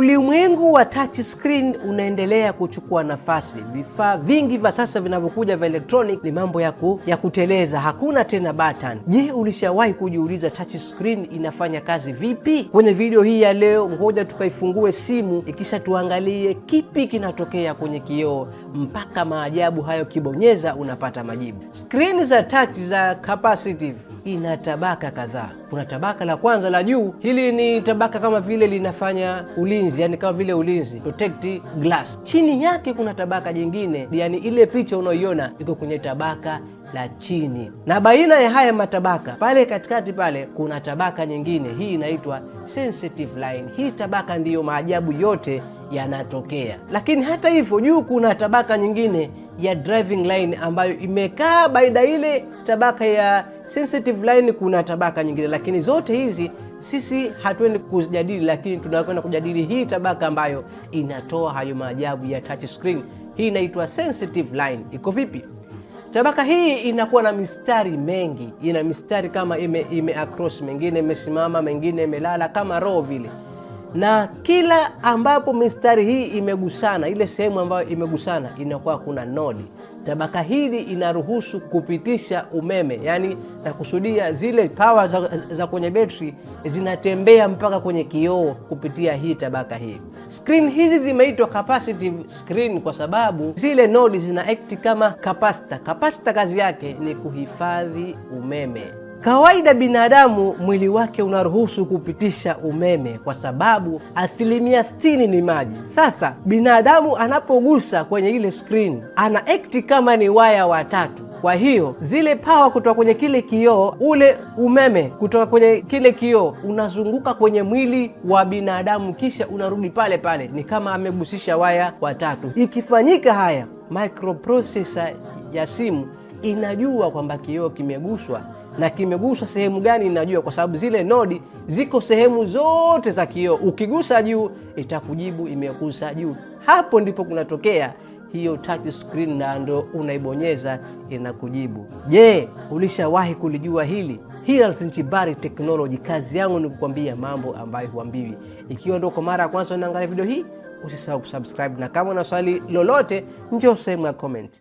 Ulimwengu wa touch screen unaendelea kuchukua nafasi. Vifaa vingi vya sasa vinavyokuja vya electronic ni mambo ya, ku, ya kuteleza, hakuna tena button. Je, ulishawahi kujiuliza touch screen inafanya kazi vipi? Kwenye video hii ya leo, ngoja tukaifungue simu, ikisha tuangalie kipi kinatokea kwenye kioo mpaka maajabu hayo kibonyeza unapata majibu. Screen za touch za capacitive ina tabaka kadhaa. Kuna tabaka la kwanza la juu, hili ni tabaka kama vile linafanya ulinzi, yani kama vile ulinzi protect glass. Chini yake kuna tabaka jingine, yani ile picha unaoiona iko kwenye tabaka la chini na baina ya haya matabaka pale katikati pale kuna tabaka nyingine, hii inaitwa sensitive line. Hii tabaka ndiyo maajabu yote yanatokea. Lakini hata hivyo, juu kuna tabaka nyingine ya driving line ambayo imekaa baida ile tabaka ya sensitive line, kuna tabaka nyingine, lakini zote hizi sisi hatuendi kuzijadili, lakini tunakwenda kujadili hii tabaka ambayo inatoa hayo maajabu ya touch screen. Hii inaitwa sensitive line. Iko vipi? Tabaka hii inakuwa na mistari mengi, ina mistari kama ime, ime across, mengine imesimama, mengine imelala kama roho vile na kila ambapo mistari hii imegusana, ile sehemu ambayo imegusana inakuwa kuna nodi. Tabaka hili inaruhusu kupitisha umeme, yani nakusudia zile pawa za, za kwenye betri zinatembea mpaka kwenye kioo kupitia hii tabaka hii. Screen hizi zimeitwa capacitive screen kwa sababu zile nodi zina act kama capacitor. Capacitor kazi yake ni kuhifadhi umeme. Kawaida binadamu mwili wake unaruhusu kupitisha umeme kwa sababu asilimia 60 ni maji. Sasa binadamu anapogusa kwenye ile skrini ana act kama ni waya watatu kwa hiyo zile pawa kutoka kwenye kile kioo, ule umeme kutoka kwenye kile kioo unazunguka kwenye mwili wa binadamu, kisha unarudi pale pale. Ni kama amegusisha waya watatu. Ikifanyika haya, microprocessor ya simu inajua kwamba kioo kimeguswa na kimeguswa sehemu gani ninajua, kwa sababu zile nodi ziko sehemu zote za kioo. Ukigusa juu itakujibu imegusa juu. Hapo ndipo kunatokea hiyo touch screen, na ndo unaibonyeza inakujibu. Je, ulishawahi kulijua hili? Hilals Nchibari Technology, kazi yangu ni kukwambia mambo ambayo huambiwi. Ikiwa ndo kwa mara ya kwanza unaangalia video hii, usisahau kusubscribe, na kama una swali lolote, njoo sehemu ya comment.